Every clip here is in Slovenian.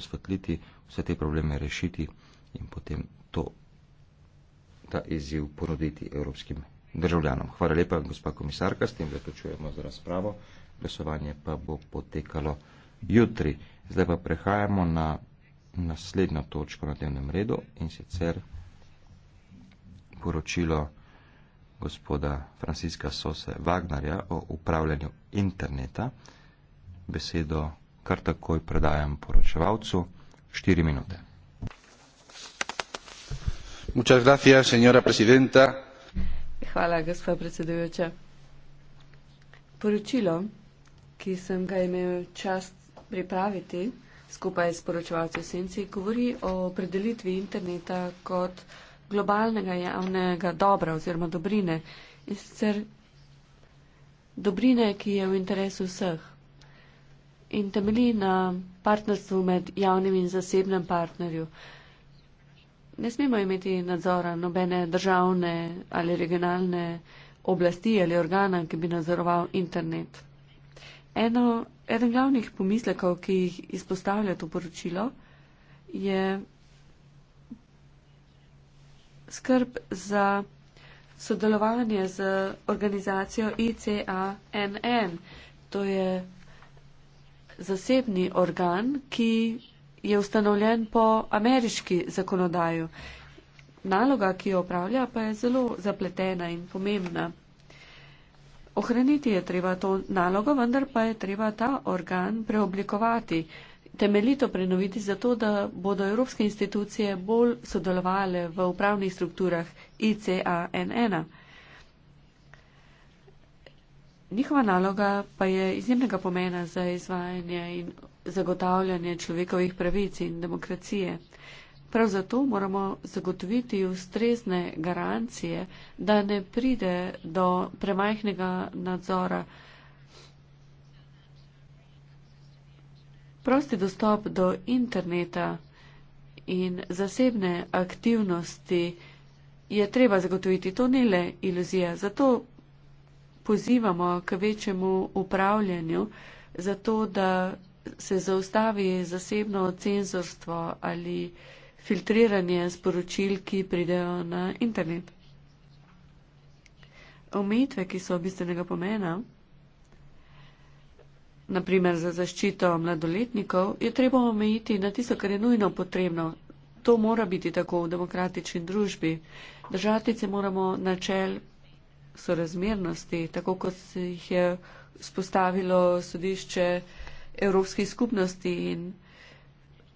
osvetliti, vse te probleme rešiti in potem to, ta izziv ponuditi evropskim državljanom. Hvala lepa, gospa komisarka, s tem zaključujemo z razpravo. Glasovanje pa bo potekalo jutri. Zdaj pa prehajamo na naslednjo točko na dnevnem redu in sicer poročilo gospoda Franciska Sose Wagnerja o upravljanju interneta. Besedo kar takoj predajam poročevalcu. Štiri minute. Hvala, gospa predsedujoča. Poročilo, ki sem ga imel čast pripraviti skupaj s poročevalcem Senci, govori o predelitvi interneta kot globalnega javnega dobra oziroma dobrine. In sicer dobrine, ki je v interesu vseh in temeli na partnerstvu med javnim in zasebnim partnerju. Ne smemo imeti nadzora nobene državne ali regionalne oblasti ali organa, ki bi nadzoroval internet. Eno, eden glavnih pomislekov, ki jih izpostavlja to poročilo, je skrb za sodelovanje z organizacijo ICANN. To je zasebni organ, ki je ustanovljen po ameriški zakonodaju. Naloga, ki jo upravlja, pa je zelo zapletena in pomembna. Ohraniti je treba to nalogo, vendar pa je treba ta organ preoblikovati, temeljito prenoviti, zato da bodo evropske institucije bolj sodelovale v upravnih strukturah ICANN. -a. Njihova naloga pa je izjemnega pomena za izvajanje in zagotavljanje človekovih pravic in demokracije. Prav zato moramo zagotoviti ustrezne garancije, da ne pride do premajhnega nadzora. Prosti dostop do interneta in zasebne aktivnosti je treba zagotoviti. To ni le iluzija. Zato pozivamo k večjemu upravljanju, zato da se zaustavi zasebno cenzorstvo ali filtriranje sporočil, ki pridejo na internet. Omejitve, ki so bistvenega pomena, naprimer za zaščito mladoletnikov, je treba omejiti na tisto, kar je nujno potrebno. To mora biti tako v demokratični družbi. Držati se moramo načel sorazmernosti, tako kot jih je spostavilo sodišče Evropskih skupnosti in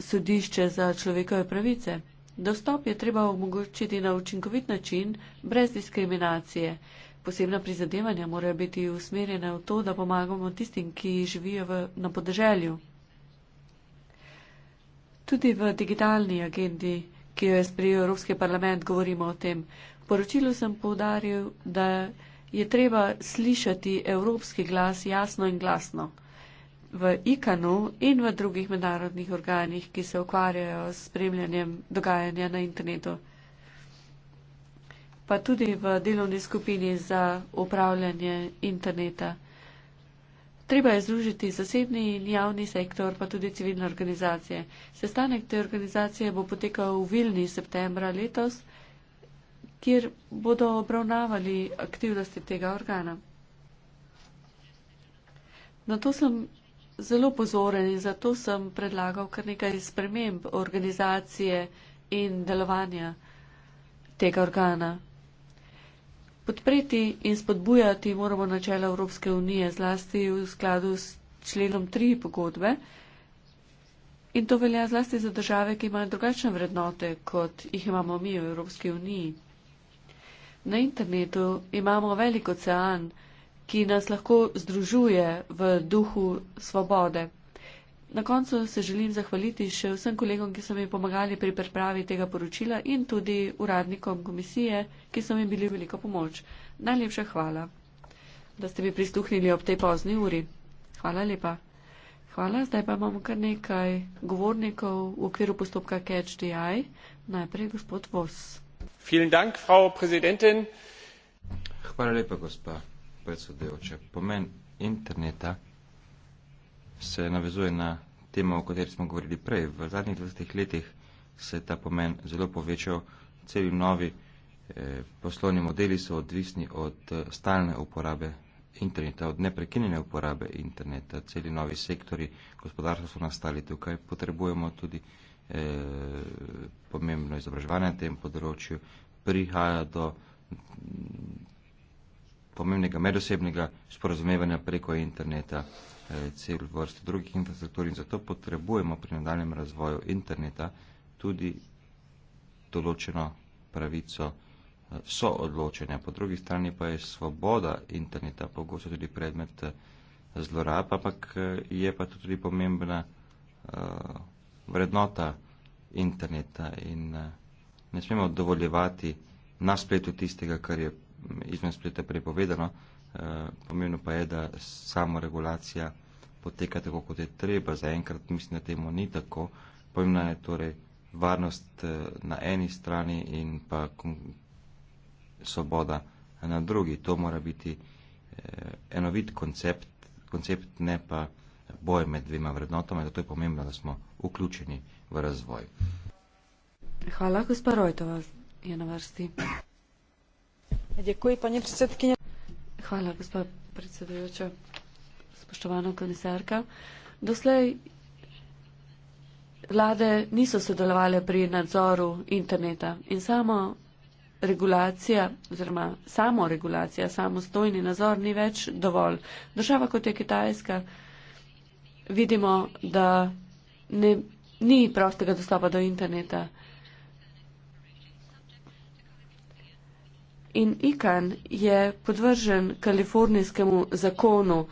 sodišče za človekove pravice. Dostop je treba omogočiti na učinkovit način, brez diskriminacije. Posebna prizadevanja morajo biti usmerjene v to, da pomagamo tistim, ki živijo v, na podeželju. Tudi v digitalni agendi, ki jo je sprejel Evropski parlament, govorimo o tem poročilu sem povdaril, da je treba slišati evropski glas jasno in glasno v IKANU in v drugih mednarodnih organih, ki se ukvarjajo s spremljanjem dogajanja na internetu, pa tudi v delovni skupini za upravljanje interneta. Treba je združiti zasebni in javni sektor, pa tudi civilne organizacije. Sestanek te organizacije bo potekal v Vilni septembra letos kjer bodo obravnavali aktivnosti tega organa. Na to sem zelo pozoren in zato sem predlagal kar nekaj sprememb organizacije in delovanja tega organa. Podpreti in spodbujati moramo načela Evropske unije, zlasti v skladu s členom 3 pogodbe. In to velja zlasti za države, ki imajo drugačne vrednote, kot jih imamo mi v Evropski uniji. Na internetu imamo velik ocean, ki nas lahko združuje v duhu svobode. Na koncu se želim zahvaliti še vsem kolegom, ki so mi pomagali pri pripravi tega poročila in tudi uradnikom komisije, ki so mi bili veliko pomoč. Najlepša hvala, da ste mi prisluhnili ob tej pozni uri. Hvala lepa. Hvala, zdaj pa imamo kar nekaj govornikov v okviru postopka CatchDI. Najprej gospod Vos frau präsidentin! hvala lepa gospa predsedujoča pomen interneta se navezuje na temo o kateri smo govorili prej v zadnjih dvajsetih letih se je ta pomen zelo povečal celi novi eh, poslovni modeli so odvisni od eh, stalne uporabe interneta od neprekinjene uporabe interneta celi novi sektori gospodarstva so nastali tukaj potrebujemo tudi eh, Eh, pomembno izobraževanje na tem področju, prihaja do mm, pomembnega medosebnega sporazumevanja preko interneta eh, cel vrst drugih infrastruktur in zato potrebujemo pri nadaljem razvoju interneta tudi določeno pravico eh, soodločenja. Po drugi strani pa je svoboda interneta pogosto tudi predmet zlorab, ampak je pa to tudi pomembna uh, vrednota interneta in eh, ne smemo dovoljevati na spletu tistega, kar je mm, izmed spleta prepovedano. Eh, pomembno pa je, da samo regulacija poteka tako, kot je treba. Zaenkrat mislim, da temu ni tako. Pomembna je torej varnost eh, na eni strani in pa svoboda na drugi. To mora biti enovit koncept, koncept ne pa boj med dvema vrednotama, zato je pomembno, da smo vključeni v razvoj. Hvala, gospa Rojtova je na vrsti. Děkuji, paní předsedkyně. Hvala, gospa predsedujoča, spoštovana komisarka. Doslej vlade niso sodelovali pri nadzoru interneta in samo regulacija oziroma samo regulacija, samostojni nadzor ni več dovolj. Država kot je Kitajska vidimo, da ne, ni prostega dostopa do interneta. In IKAN je podvržen kalifornijskemu zakonu.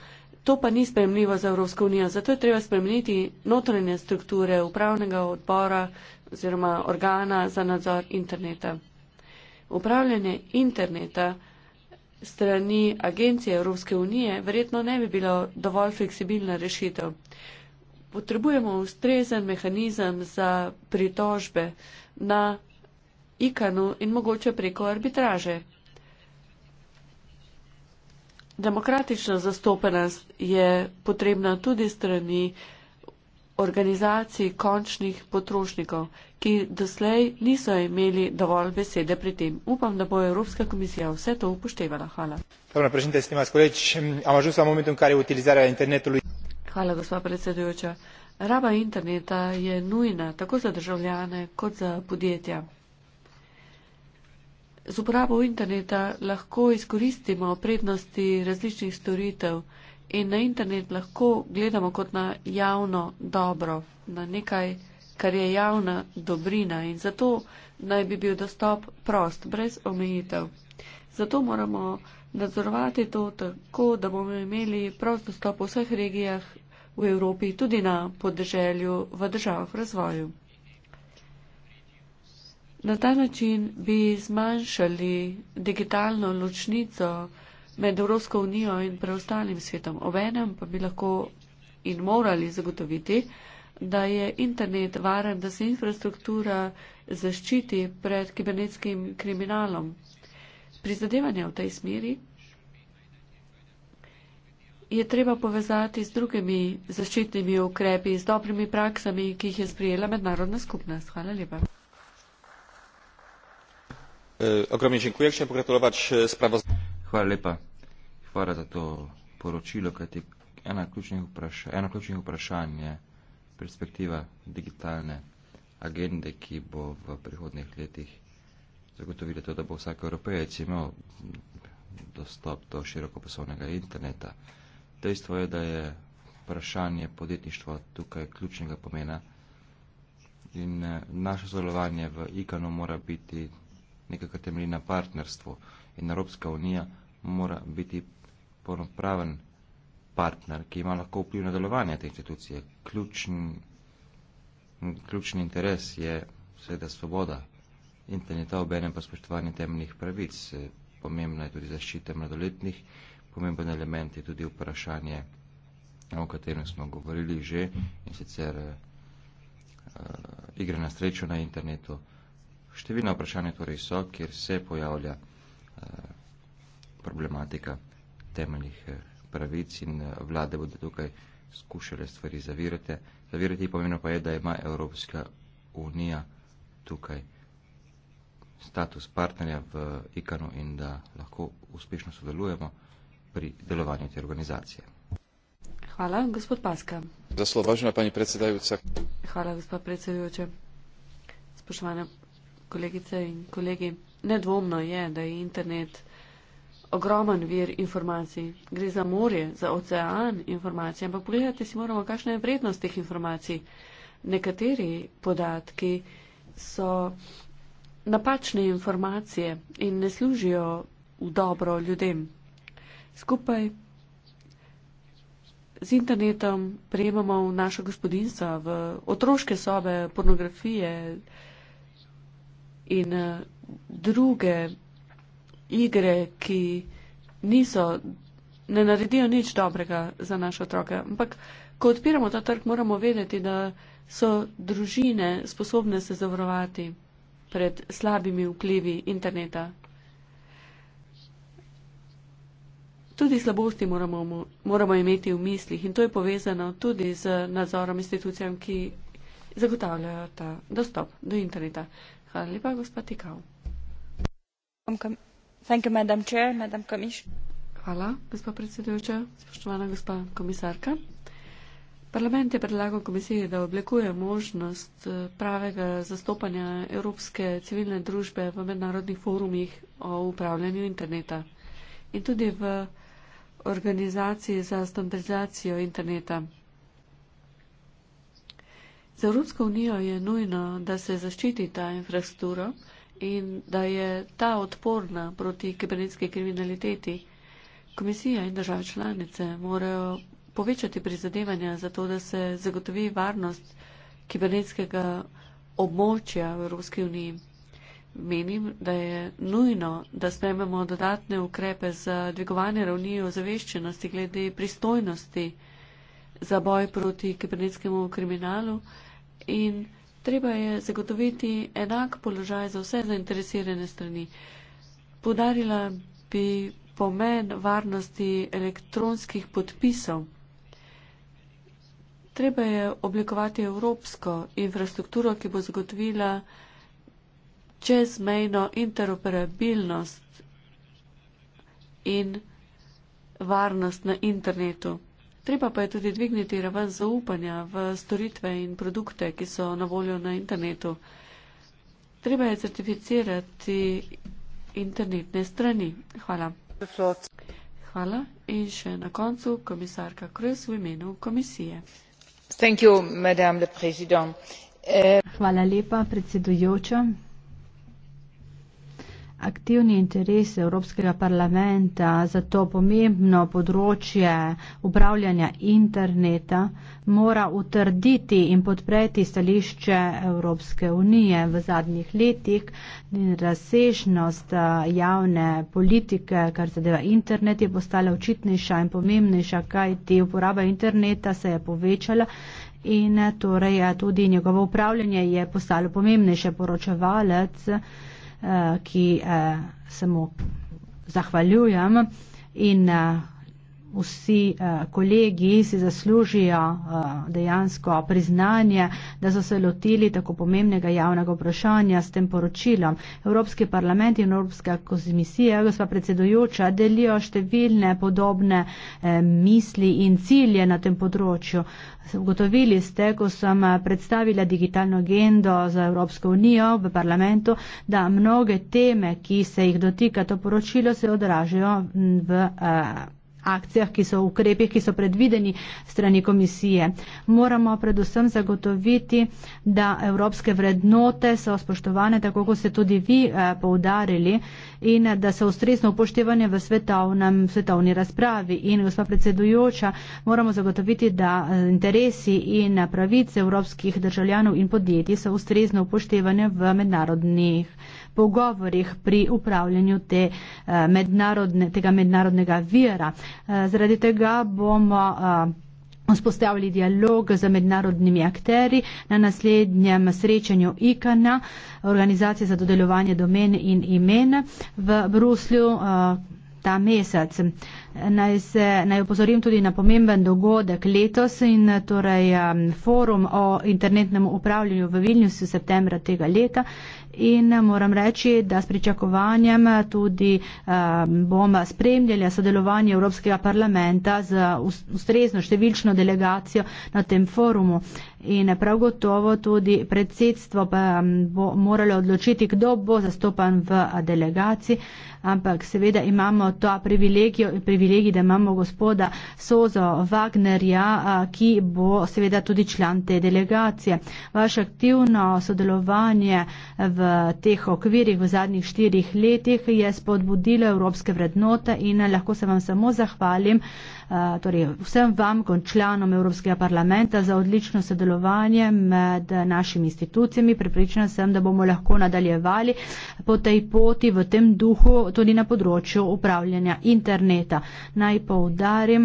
To pa ni spremljivo za Evropsko unijo. Zato je treba spremeniti notranje strukture upravnega odbora oziroma organa za nadzor interneta. Upravljanje interneta strani agencije Evropske unije verjetno ne bi bila dovolj fleksibilna rešitev. Potrebujemo ustrezen mehanizem za pritožbe na ikanu in mogoče preko arbitraže. Demokratična zastopenost je potrebna tudi strani uh, organizaciji končnih potrošnikov, ki doslej niso imeli dovolj besede pri tem. Upam, da bo Evropska komisija vse to upoštevala. Hvala. Doamna președinte, stimați colegi, am ajuns la momentul în care utilizarea internetului. Hvala, gospa predsedujoča. Raba interneta je nujna tako za državljane kot za podjetja. Z uporabo interneta lahko izkoristimo prednosti različnih storitev, in na internet lahko gledamo kot na javno dobro, na nekaj, kar je javna dobrina in zato naj bi bil dostop prost, brez omejitev. Zato moramo nadzorovati to tako, da bomo imeli prost dostop v vseh regijah v Evropi, tudi na podeželju v državah v razvoju. Na ta način bi zmanjšali digitalno ločnico, med Evropsko unijo in preostalim svetom. Obenem pa bi lahko in morali zagotoviti, da je internet varen, da se infrastruktura zaščiti pred kibernetskim kriminalom. Prizadevanje v tej smeri je treba povezati z drugimi zaščitnimi ukrepi, z dobrimi praksami, ki jih je sprijela mednarodna skupnost. Hvala lepa. E, Ogromno dziękuję. Chciałem pogratulować e, sprawozdania. Hvala lepa. Hvala za to poročilo, kaj ti ena ključnih vprašanj, ena ključnih vprašanj je perspektiva digitalne agende, ki bo v prihodnih letih zagotovila to, da bo vsak evropejec imel dostop do širokopasovnega interneta. Dejstvo je, da je vprašanje podjetništva tukaj ključnega pomena in eh, naše sodelovanje v IKANO mora biti nekaj temelji na partnerstvu in Evropska unija mora biti polnopraven partner, ki ima lahko vpliv na delovanje te institucije. Ključni, ključni interes je seveda svoboda in ten je ta obenem pa spoštovanje temeljnih pravic. Pomembna je tudi zaščita mladoletnih, pomemben element je tudi vprašanje, o katerem smo govorili že in sicer uh, igre na srečo na internetu. Številna vprašanja torej so, kjer se pojavlja uh, problematika temeljih eh, pravic in eh, vlade bodo tukaj skušale stvari zavirati. Zavirati pomeni pa je, da ima Evropska unija tukaj status partnerja v IKANU in da lahko uspešno sodelujemo pri delovanju te organizacije. Hvala, gospod Paska. Za slovo, važna pani predsedajuca. Hvala, gospod predsedajuče. Spoštovane kolegice in kolegi, nedvomno je, da je internet ogromen vir informacij. Gre za morje, za ocean informacij, ampak pogledajte si moramo, kakšna je vrednost teh informacij. Nekateri podatki so napačne informacije in ne služijo v dobro ljudem. Skupaj z internetom prejemamo v naša gospodinstva, v otroške sobe, pornografije in eh, druge informacije igre, ki niso, ne naredijo nič dobrega za naše otroke. Ampak, ko odpiramo ta trg, moramo vedeti, da so družine sposobne se zavarovati pred slabimi vplivi interneta. Tudi slabosti moramo, moramo imeti v mislih in to je povezano tudi z nadzorom institucijam, ki zagotavljajo ta dostop do interneta. Hvala lepa, gospod Tikal. Hvala, gospa predsedujoča. Spoštovana gospa komisarka. Parlament je predlagal komisiji, da oblikuje možnost eh, pravega zastopanja Evropske civilne družbe v mednarodnih forumih o upravljanju interneta in tudi v organizaciji za standardizacijo interneta. Za Evropsko unijo je nujno, da se zaščiti ta infrastruktura in da je ta odporna proti kibernetski kriminaliteti. Komisija in države članice morajo povečati prizadevanja za to, da se zagotovi varnost kibernetskega območja v Evropski uniji. Menim, da je nujno, da sprememo dodatne ukrepe za dvigovanje ravni ozaveščenosti glede pristojnosti za boj proti kibernetskemu kriminalu in treba je zagotoviti enak položaj za vse zainteresirane strani. Podarila bi pomen varnosti elektronskih podpisov. Treba je oblikovati evropsko infrastrukturo, ki bo zagotovila čezmejno interoperabilnost in varnost na internetu. Treba pa je tudi dvigniti raven zaupanja v storitve in produkte, ki so na voljo na internetu. Treba je certificirati internetne strani. Hvala. Hvala in še na koncu komisarka Kres v imenu komisije. Thank you, eh, Hvala lepa, predsedujoča aktivni interes Evropskega parlamenta za to pomembno področje upravljanja interneta, mora utrditi in podpreti stališče Evropske unije v zadnjih letih. Razsežnost eh, javne politike, kar zadeva internet, je postala očitnejša in pomembnejša, kajti uporaba interneta se je povečala. In eh, torej eh, tudi njegovo upravljanje je postalo pomembnejše poročevalec. Eh, ki eh, se mu zahvaljujem in eh, vsi eh, kolegi si zaslužijo eh, dejansko priznanje, da so se lotili tako pomembnega javnega vprašanja s tem poročilom. Evropski parlament in Evropska komisija, gospa predsedujoča, delijo številne podobne eh, misli in cilje na tem področju. Ugotovili ste, ko sem eh, predstavila digitalno agendo za Evropsko unijo v parlamentu, da mnoge teme, ki se jih dotika to poročilo, se odražajo v. Eh, akcijah, ki so v ukrepih, ki so predvideni strani komisije. Moramo predvsem zagotoviti, da evropske vrednote so spoštovane, tako kot ste tudi vi eh, poudarili, in eh, da so ustrezno upoštevane v svetovnem, svetovni razpravi. In, gospa predsedujoča, moramo zagotoviti, da eh, interesi in pravice evropskih državljanov in podjetij so ustrezno upoštevane v mednarodnih pogovorih pri upravljanju te, eh, mednarodne, tega mednarodnega vira. Eh, zaradi tega bomo eh, vzpostavili dialog z mednarodnimi akteri na naslednjem srečanju IKANA, organizacije za dodeljovanje domen in imen v Bruslju ta mesec. Naj, se, naj upozorim tudi na pomemben dogodek letos in torej um, forum o internetnem upravljanju v Vilniusu septembra tega leta in moram reči, da s pričakovanjem tudi um, bom spremljala sodelovanje Evropskega parlamenta z ustrezno številčno delegacijo na tem forumu. In prav gotovo tudi predsedstvo pa um, bo moralo odločiti, kdo bo zastopan v delegaciji, ampak seveda imamo to privilegijo in privilegijo privilegij, da imamo gospoda Sozo Wagnerja, ki bo seveda tudi član te delegacije. Vaše aktivno sodelovanje v teh okvirih v zadnjih štirih letih je spodbudilo evropske vrednote in lahko se vam samo zahvalim, torej vsem vam, kot članom Evropskega parlamenta, za odlično sodelovanje med našimi institucijami. Pripričana sem, da bomo lahko nadaljevali po tej poti v tem duhu tudi na področju upravljanja interneta naj poudarim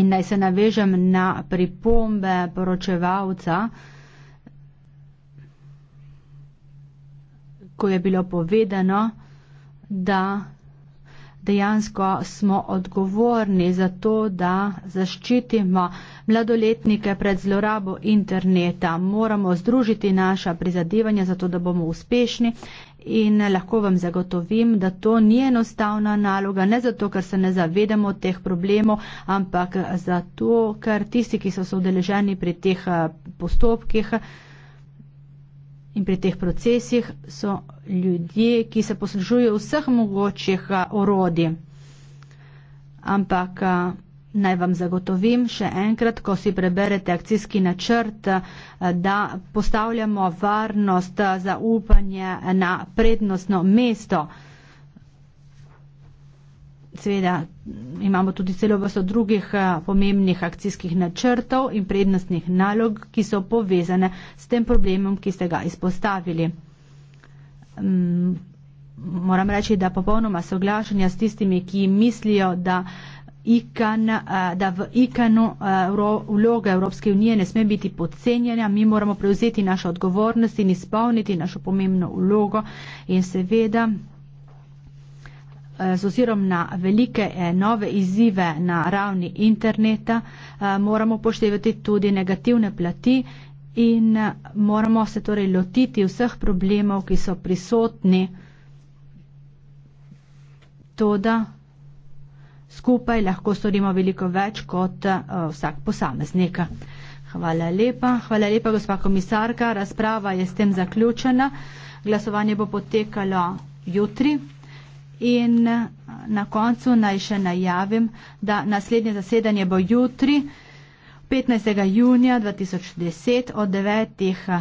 in naj se navežem na pripombe poročevalca, ko je bilo povedano, da dejansko smo odgovorni za to, da zaščitimo mladoletnike pred zlorabo interneta. Moramo združiti naša prizadevanja za to, da bomo uspešni in lahko vam zagotovim, da to ni enostavna naloga, ne zato, ker se ne zavedamo teh problemov, ampak zato, ker tisti, ki so sodeleženi pri teh eh, postopkih in pri teh procesih, so ljudje, ki se poslužujejo vseh mogočih eh, orodij. Ampak eh, Naj vam zagotovim še enkrat, ko si preberete akcijski načrt, da postavljamo varnost za upanje na prednostno mesto. Seveda imamo tudi celo vrsto drugih eh, pomembnih akcijskih načrtov in prednostnih nalog, ki so povezane s tem problemom, ki ste ga izpostavili. Mm, moram reči, da popolnoma soglašanja s tistimi, ki mislijo, da ikan, eh, da v ikanu eh, vloga Evropske unije ne sme biti podcenjena, mi moramo prevzeti našo odgovornost in izpolniti našo pomembno vlogo in seveda eh, z ozirom na velike nove izzive na ravni interneta moramo poštevati tudi negativne plati in moramo se torej lotiti vseh problemov, ki so prisotni. Toda, skupaj lahko storimo veliko več kot uh, vsak posameznik. Hvala lepa. Hvala lepa, gospa komisarka. Razprava je s tem zaključena. Glasovanje bo potekalo jutri. In eh, na koncu naj še najavim, da naslednje zasedanje bo jutri, 15. junija 2010, od 9.